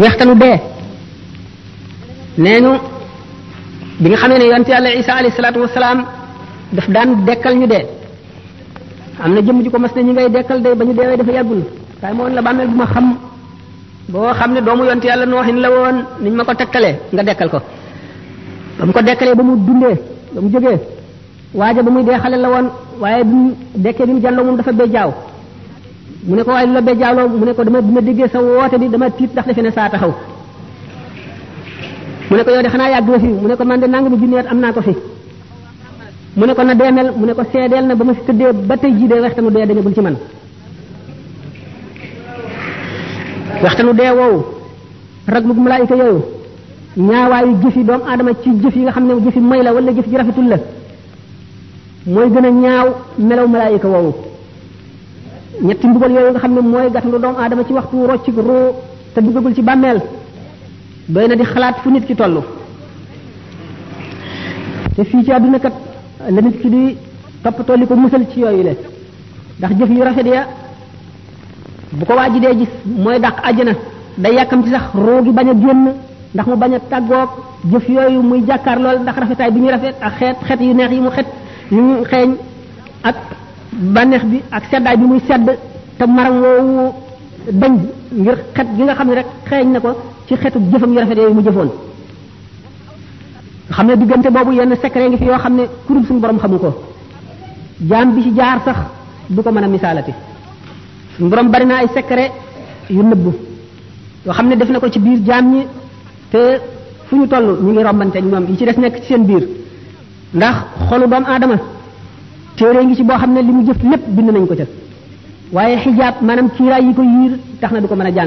weextalu dee nee ñu bi nga xamee ne yonte yàlla isa alayhi salaatu wasalaam daf daan dekkal ñu de am na jëmm ji ko mas ne ñi ngay dekkal day ba ñu deewee dafa yàggul waaye moo woon la bàmmeel bu ma xam boo xam ne doomu yonte yàlla nooxin la woon niñ ma ko tekkalee nga dekkal ko ba mu ko dekkalee ba mu dundee ba mu jógee waaja ba muy dee xale la woon waaye bi mu dekkee bi mu jàlloo moom dafa béy jaaw mu ne ko waaye lu la bejjaaloo mu ne ko dama dama déggee sa woote bi dama tiit ndax defe ne saa taxaw mu ne ko yow de xanaa yàgg nga fi mu ne ko man de nangami junni at am naa ko fi mu ne ko na deemel mu ne ko seedeel na ba ma fi tëddee ba tey jii de waxtanu dee dañagul ci man waxtanu dee woowu raglu malaayika yooyu ñaawaayu jëfi doomu adama ci jëf yi nga xam ne jëfi may la wala jëf ji rafetul la mooy gën a ñaaw melaw malaayika woowu ñetti mbugal yooyu nga xamne moy mooy gàttandu doomu aadama ci waxtu rocc roo te duggagul ci bammel doyna di xalaat fu nit ki tollu te fi ci aduna kat la nit ki di top tolliko musal ci yooyu le ndax jëf yu rafet ya bu ko waji de gis moy dak aljana day yakam ci sax ro gi baña genn ndax mu baña tagok tàggoog jëf yooyu muy jakar lol ndax rafetay bi ñu rafet ak xet xet yu neex yi mu xet yu mu ak bànneex bi ak seddaay bi muy sedd te maram woowu dañ ngir xet gi nga xam ne rek xeeñ na ko ci xetu jëfam yu rafet yooyu mu jëfoon xam ne diggante boobu yenn secret ngi fi yoo xam ne kurub suñu borom xamu ko jaam bi ci jaar sax du ko mën a misaalati suñu borom bari na ay secret yu nëbbu yoo xam ne def na ko ci biir jaam ñi te fu ñu toll ñu ngi rombante ñoom yi ci des nekk ci seen biir ndax xolu doomu aadama téré ngi ci bo xamné limu jëf lepp bind nañ ko ca waaye xijaab maanaam kiiraay yi ko yir taxna na du ko mën a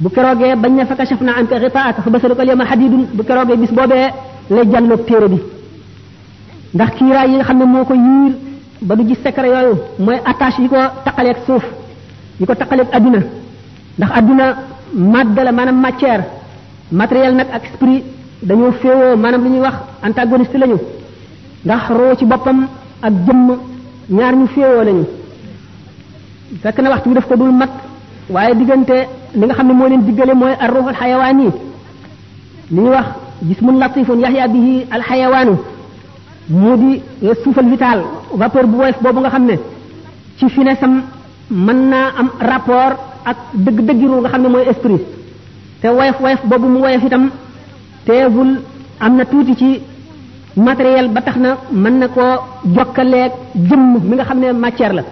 bu keroogee bañ na fa shafna na anka xitaaka fa basaluka liyama xadidun bu keroogee bis bobé lay jallo téré bi ndax kiiraay yi nga xamné moko yir ba du gis secret yoyu moy attache yi ko ak suuf yi ko ak aduna ndax aduna màdd la maanaam matière matériel nak ak esprit dañu féwo manam li wax antagoniste lañu ndax ro ci bopam ak jëmm ñaar ñu féewoo lañu fekk na waxtu bi daf ko dul mat waaye diggante li nga xam ne moo leen diggale mooy ar ruuxul xayawaan yi li ñuy wax jismun latifun yaxya bihi alxayawaanu moo di suufal vital vapeur bu woyof boobu nga xam ne ci finesse am mën naa am rapport ak dëgg-dëggi ru nga xam ne mooy esprit te woyof woyof boobu mu woyof itam teewul am na tuuti ci matériel ba tax na mën na koo jokkaleeg jëmm mi nga xam ne matière la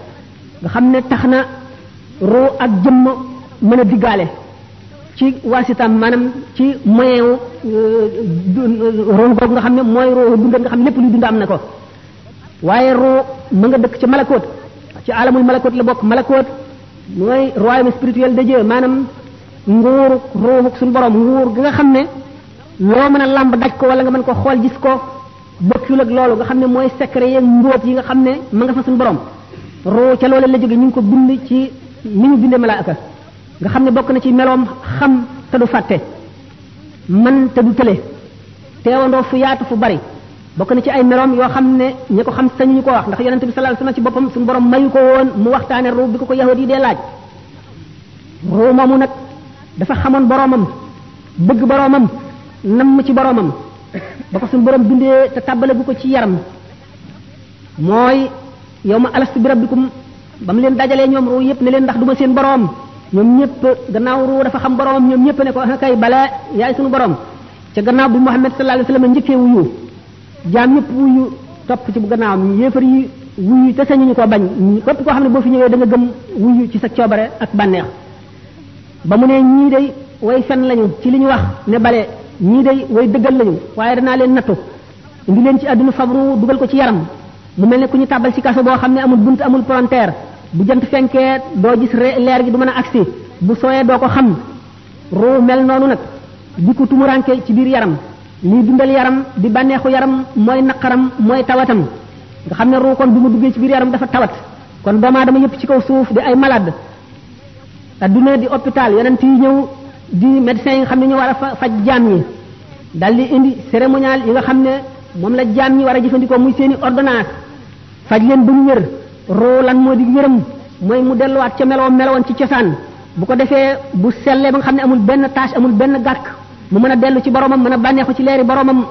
nga xam ne tax na ruu ak jëmm mën a diggaale ci waasitaam maanaam ci moyen euh, ron googu nga xam ne mooy ruu dundal nga lépp luy dund am na ko waaye ma nga dëkk ci malakoot ci alamul malakoot la bokk malakoot mooy royaume spirituel de Dieu maanaam nguur ruuxuk suñu borom nguur gi nga xam ne loo mën a làmb daj ko wala nga mën ko xool gis ko bokkul ak loolu nga xam ne mooy secret yeeg mbóot yi nga xam ne ma nga fa suñu borom roo ca loola la jóge ñu ngi ko bind ci ni ñu bindee malaaka nga xam ne bokk na ci meloom xam te du fàtte man te du tële teewandoo fu yaatu fu bari bokk na ci ay meloom yoo xam ne ñi ko xam sañu ñu ko wax ndax yonente bi sallallahu alayhi wasallam ci boppam suñu borom mayu ko woon mu waxtaane ruu bi ko ko yahudi yi dee laaj ruu moomu nag dafa xamoon boromam bëgg boromam namm ci boromam ba ko sun borom bindee te bu ko ci yaram mooy yawma alastu bi rabbikum bam leen dajalé ñom ru yépp ne leen ndax duma seen borom ñom ñepp gannaaw ru dafa xam borom ñom ñepp ne ko kay bala yaay sunu borom ci gannaaw bu muhammad sallallahu alayhi wasallam njëkkee wuyu jaam ñépp wuyu top ci bu gannaaw mi yéfer yi wuyu te sañu ñu ko bañ ñi koo ko xamne bo fi ñëwé da nga gëm wuyu ci sa ak ba mu ne ñi day way fen lañu ci liñu wax ne balé ñii day way dëggal lañu waaye danaa leen nattu indi leen ci àdduna fabru dugal ko ci yaram mu mel ni ku ñu tàbbal ci kaso boo xam ne amul bunt amul frontière bu jant fenkee doo gis leer gi du mën a agsi bu sooyee doo ko xam ruu mel noonu nag di ko tumuranke ci biir yaram lii dundal yaram di bànneexu yaram mooy naqaram mooy tawatam nga xam ne ruu kon du mu duggee ci biir yaram dafa tawat kon doomu aadama yëpp ci kaw suuf di ay malade adduna di médecins yi nga xam ne ñoo war a faj jaam ñi dal di indi cérémonial yi nga xam ne moom la jaam ñi war a jëfandikoo muy seeni i ordonnance faj leen ba ñu roo lan moo di yërëm mooy mu delluwaat ci meloo melowoon ci cosaan bu ko defee bu sellee ba nga xam ne amul benn tâche amul benn gàkk mu mën a dellu ci boromam mën a bànneexu ci leeri boromam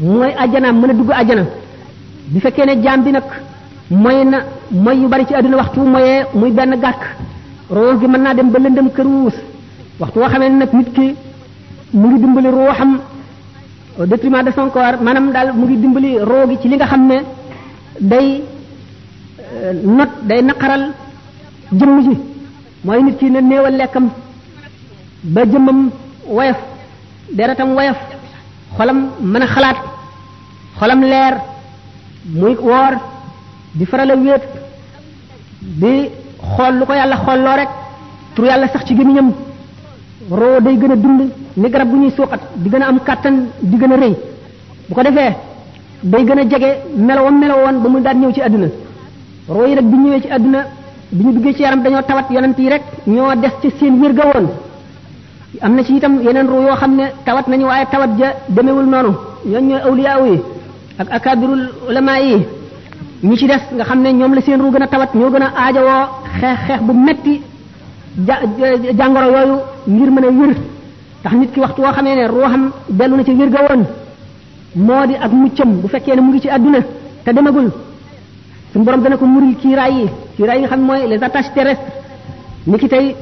mooy ajjanaam mën a dugg ajjana bi fekkee ne jaam bi nag mooy na mooy yu bari ci àdduna waxtu mooyee muy benn gàkk gi mën naa dem ba lëndëm kër wuus waxtu woo xamee nag nit ki mu ngi dimbali ruuxam au détriment de son corps maanaam daal mu ngi dimbali roo gi ci li nga xam ne day euh, not day naqaral jëmm ji mooy nit ki ne néewal lekkam ba jëmmam woyof deretam woyof xolam mën a xalaat xolam leer muy woor di faral wéet di xool lu ko yàlla xool loo rek tur yàlla sax ci gémmiñam roo day gën a dund ni garab bu ñuy suuxat di gën a am kàttan di gën a rëy bu ko defee day gën jege melowam melowoon ba mu daan ñëw ci àdduna roo yi nag bi ñëwee ci àdduna bi ñu duggee ci yaram dañoo tawat yonent yi rek ñoo des ci seen wér ga woon am na ci itam yeneen roo yoo xam ne tawat nañu waaye tawat ja demewul noonu ñooñ ñooy awliyaaw yi ak akabirul ulama yi ñi ci des nga xam ne ñoom la seen ruu gën a tawat ñoo gën a aajowoo xeex xeex bu metti ja jàngoro yooyu ngir mën a wér ndax nit ki waxtu woo xamee ne ruuxam dellu na ci wér ga woon moo di ak muccam bu fekkee ne mu ngi ci àdduna te demagul suñu borom dana ko muril kiiraay yi kiiraay yi nga xam ne mooy les attaches terrestres ni ki tey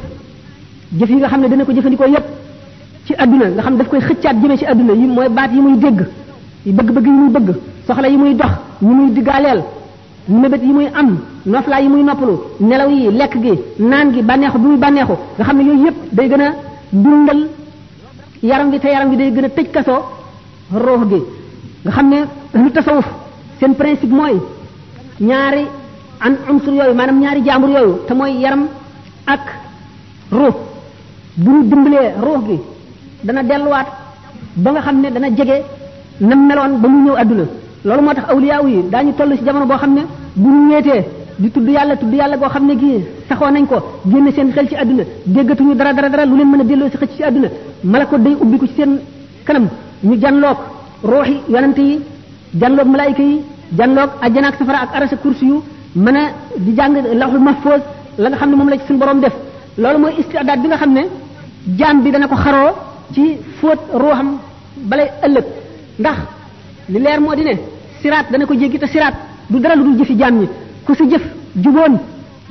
jëf yi nga xam ne dana ko jëfandikoo yépp ci àdduna nga xam daf koy xëccaat jëmee ci àdduna yi mooy baat yi muy i bëgg-bëgg yi muy bëgg soxla yi muy dox ñu muy diggaaleel mébét yi muy am noflaay yi muy noppalu nelaw yi lekk gi naan gi bànneexu bu muy bànneexu nga xam ne yooyu yëpp day gën a dundal yaram bi te yaram gi day gën a tëj kaso roox gi nga xam ne lu tasawuf seen principe mooy ñaari an unsur yooyu maanaam ñaari jaambur yooyu te mooy yaram ak ruux bu ñu dimbalee ruux gi dana delluwaat ba nga xam ne dana jege na meloon ba mu ñëw àdduna loolu moo tax awliyaaw yi ñu toll ci jamono boo xam ne bu ñu ñeetee di tudd yàlla tudd yàlla goo xam ne gii saxoo nañ ko génn seen xel ci àdduna déggatuñu dara dara dara lu leen mën a delloo si xëcc ci àdduna malako day ubbi ko ci seen kanam ñu janloog ruuxi yonante yi janloog malaayika yi janloog ajjana ak safara ak arasa kursi yu mën a di jàng lawxul mahfoos la nga xam ne moom la ci suñu borom def loolu mooy istiadaat bi nga xam ne jaam bi dana ko xaroo ci fóot ruuxam balay ëllëg ndax li leer moo di ne siraat dana ko jéggi siraat du dara lu dul jëfi jaam ñi ku si jëf juboon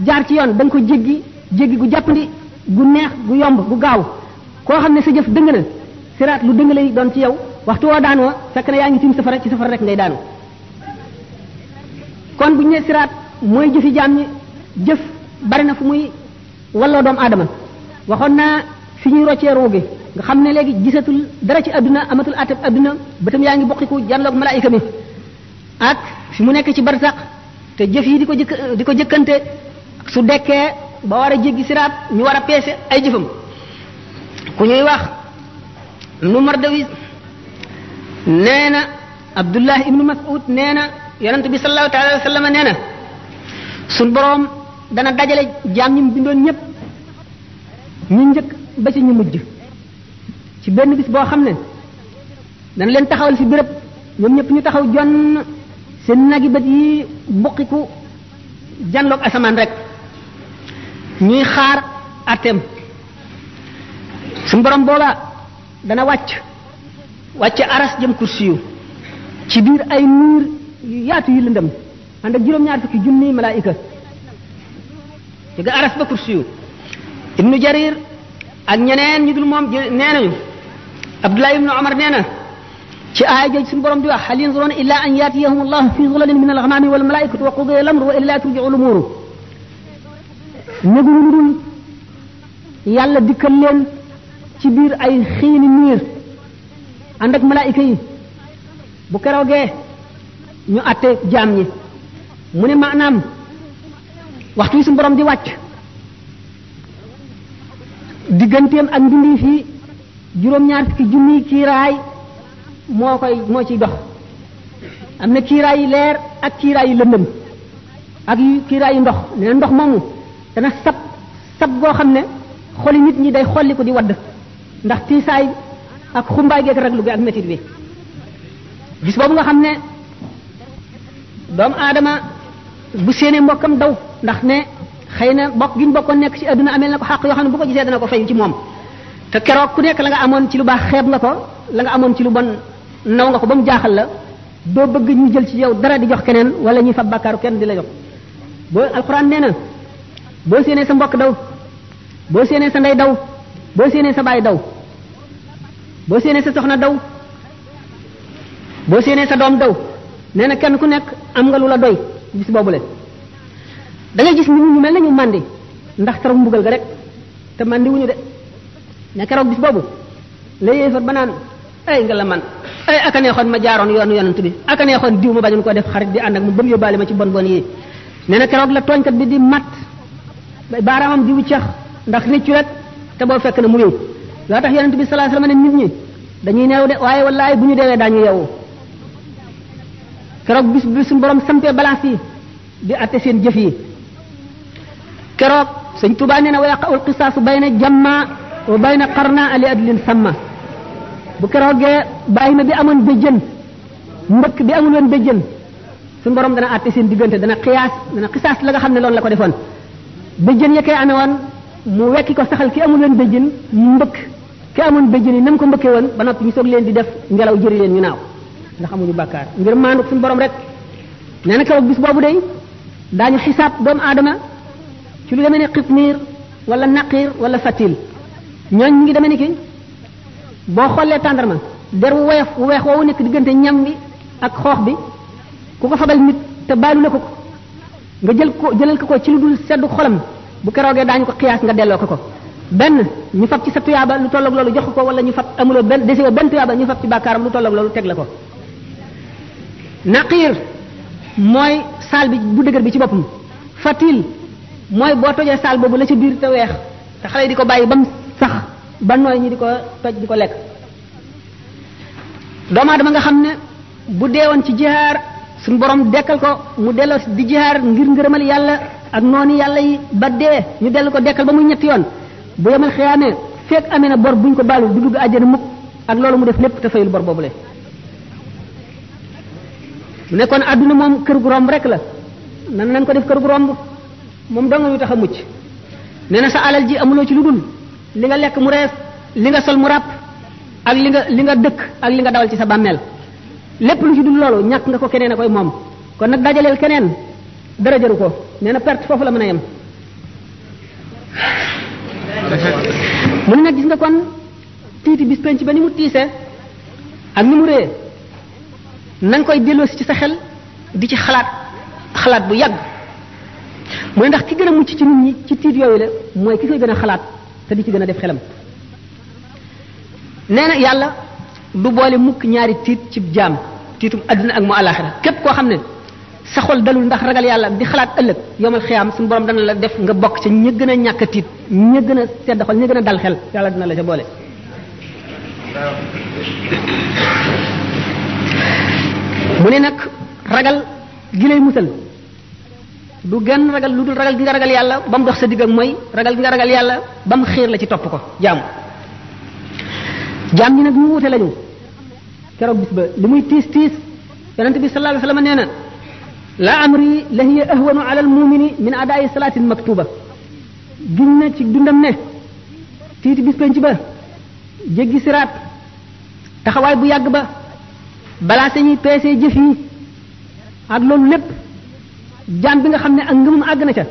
jaar ci yoon da ko jéggi jéggi gu jàppandi gu neex gu yomb gu gaaw koo xam ne sa jëf dëng na siraat lu dëng lay doon ci yow waxtu woo daanoo fekk na yaa ngi tiim safara ci safara rek ngay daanu kon bu ñu nee siraat mooy jëfi jaam ñi jëf bari na fu muy walloo doomu aadama waxoon naa fi ñuy roccee ruu nga xam ne léegi gisatul dara ci adduna amatul atab adduna bëtam yaa ngi bokkiku janloog malaayika mi ak fi mu nekk ci barsax te jëf yi diko jëk diko di su dekkee ba wara jëgi sirat ñu wara pécé ay jëfëm ku ñuy wax nu mardawi nee abdullah ibnu mas'ud nee yaronte bi sallallahu taala alayhi wasallam nee sun borom dana dajale jam ñi bindoon ñëpp ñu ñëk ba ci ñu mujj ci benn bis bo xam ne leen taxawal ci bërepp ñom ñëpp ñu taxaw jonn seen nagi bet yi bokiku janloog asaman rek ñi xaar atem sun borom bola dana wacc wacc aras jëm kursiyu ci bir ay niir yaatu yi lendem ànd ak juróom-ñaar fukki junni malaika ci ga aras ba kursiyu ibnu jarir ak ñeneen ñu dul mom neenañu abdullah ibnu omar ci aaya joj sun borom di wax hal yanzuruna illa an yatiyahum allah fi dhulalin min al-ghamami wal malaikatu wa qudiya al-amru wa illa turji'u al-umur nagu ñu dul yalla dikal len ci bir ay xini mir andak malaika yi bu keroogee ñu atté jaam ñi mune manam waxtu sun borom di wacc digantem ak ndindi fi juróom-ñaar jumi junni kiiraay moo koy moo ciy dox am na kiiraay yi leer ak kiiraay yi lëndëm ak yu kiiraay yu ndox nee na ndox moomu dana sab sab goo xam ne xoli nit ñi day xolli ko di wadd ndax tiisaay ak xumbaay rek lu gi ak métit bi gis boobu nga xam ne doomu aadama bu séenee mbokkam daw ndax ne xëy na bokk gi ñu bokkoon nekk ci àdduna ameel na ko xàq yoo xam ne bu ko gisee dana ko fay ci moom te keroog ku nekk la nga amoon ci lu baax xeeb la ko la nga amoon ci lu bon naw nga ko ba mu jaaxal la doo bëgg ñu jël ci yow dara di jox keneen wala ñuy fab bàkkaaru kenn di la jox boo alxuraan nee na boo séenee sa mbokk daw boo séenee sa ndey daw boo séenee sa baay daw boo séenee sa soxna daw boo séenee sa doom daw nee na kenn ku nekk am nga lu la doy bis boobu le da ngay mel na ñu màndi ndax rek te màndi de ne keroog bis boobu la yéefar ba naan ay nga la man ay aka neexoon ma jaaroon yoonu yonent bi aka neexoon diw ma bañoon koo def xarit di ànd ak mu ba mu yóbbaale ma ci bon bon yi nee na keroog la tooñkat bi di matt baaraamam di wuccax ndax réccu rek te boo fekk na mu réew loo tax yonent bi sallallahu alayhi wasallam ne nit ñi dañuy neew de waaye wallaay bu ñu deewee daañu yeewu keroog bis bi suñu borom sampee balance yi di atte seen jëf yi keroog sëñ Tuubaa nee na wa yaqa'ul qisaasu bayna jamma wa bayna qarna li adlin samma bu keroge bayina bi amon bejjen mbëkk bi amul won bejjen sun borom dana atti seen digënté dana qiyas dana qisas la nga xamné loolu la ko defoon ya ané won mu wéki ko saxal ki amul won bejjen mbëkk ki amul ni nam ko mbëkke won ba nopi ñu sok leen di def ngelaw jëri leen ñu naaw ndax amuñu bakkar ngir manuk sun borom rek neena kaw bis bobu day dañu hisab doom adama ci lu demé ni qitmir wala naqir wala fatil ñoñ ngi demé ni ki boo xollee tàndarma der wu weex wu weex nekk diggante ñam bi ak xoox bi ku ko fabal nit te baalu la ko ko nga jël ko jëlal ko ko ci lu dul seddu xolam bu keroogee daañu ko xiyaas nga delloo ko ko benn ñu fab ci sa tuyaaba lu tolloog loolu jox ko wala ñu fab amuloo benn dese benn tuyaaba ñu fab ci bàkkaaram lu tolloog loolu teg la ko naqiir mooy saal bi bu dëgër bi ci boppam fatil mooy boo tojee saal boobu la ci biir te weex te xale yi di ko bàyyi ba ba noy ñi diko, toj diko lek do ma dama nga xamne bu deewon ci jihar sun borom dekkal ko mu delo di jihar ngir ngeureumal yalla ak noni yalla yi ba de ñu del ko dekkal ba muy ñetti yoon bu yemal xiyamé fek amee bor buñ ko balu du dug aljana mukk ak lolu mu def lepp te fayul bor bobule mu nekkon aduna mom keur gu romb rek la nan nan ko def keur gu romb mom dong ñu tax mucc sa alal ji amulo ci ludul li nga lek mu res li nga sol mu rap ak li nga li nga dekk ak li nga dawal ci sa bammel lepp lu ci dund lolu ñak nga ko keneen akoy mom kon nak dajaleel keneen dara jaru ko neena perte fofu la mëna yam mu nak gis nga kon titi bis penc ba ni mu tisse ak ni mu re nang koy delo ci sa xel di ci xalaat xalaat bu yag moy ndax ki gëna mucc ci nit ñi ci tit yoyu la moy ki xalaat te di ci gën a def xelam nee na yàlla du boole mukk ñaari tiit ci jaam tiitum àdduna ak mu àllaaxira képp koo xam ne sa xol dalul ndax ragal yàlla di xalaat ëllëg yomal xiyaam suñu borom dana la def nga bokk ca ña gën a ñàkk tiit ña gën a sedd xol ña gën a dal xel yàlla dina la ca boole mu ne nag ragal gi lay musal du gën ragal lu dul ragal gi nga ragal yàlla ba mu dox sa digg ak mooy ragal gi nga ragal yàlla ba mu xiir la ci topp ko jaamu jaam ñi nag ñu wute lañu keroog bis ba li muy tiis tiis yonente bi sallallahu alayhi wa sallam la hiya ahwanu ala almumini min adaayi salaatin maktuba giñ na ci dundam ba jéggi siraat taxawaay bu yàgg ba balaa sañuy peesee jëf yi ak loolu lépp jam bi nga xamne ak ngeum ag na ca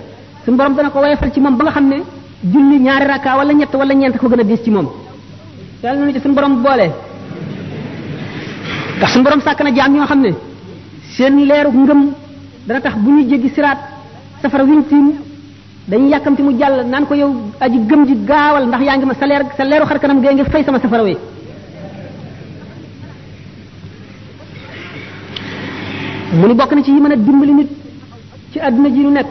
sun borom dana ko wayfal ci mom ba nga xamne julli ñaari rakka wala ñett wala ñent ko gëna a ci mom dal ñu ci sun borom boole ndax sun borom sak na jam ñoo xam seen leeru ngeum dana tax bu ñu jéggi sirat safara wiñ tim dañu yakamti mu jall nan ko yow aji gëm ji gaawal ndax yaangi ma sa sa leeru xar kanam gee fay sama safara wi mu ni bok na ci yi meuna dimbali nit ci àdduna ji ñu nekk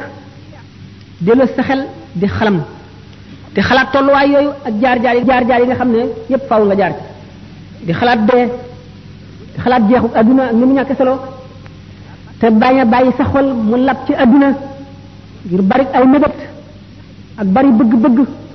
delloo sa xel di xalam di xalaat tolluwaay yooyu ak jaar-jaar yi jaar-jaar yi nga xam ne yépp faaw nga jaar ci di xalaat dee di xalaat jeexu àdduna ak mu ñàkk solo te bañ a bàyyi sa xol mu lab ci àdduna ngir bari ay mébét ak bari bëgg-bëgg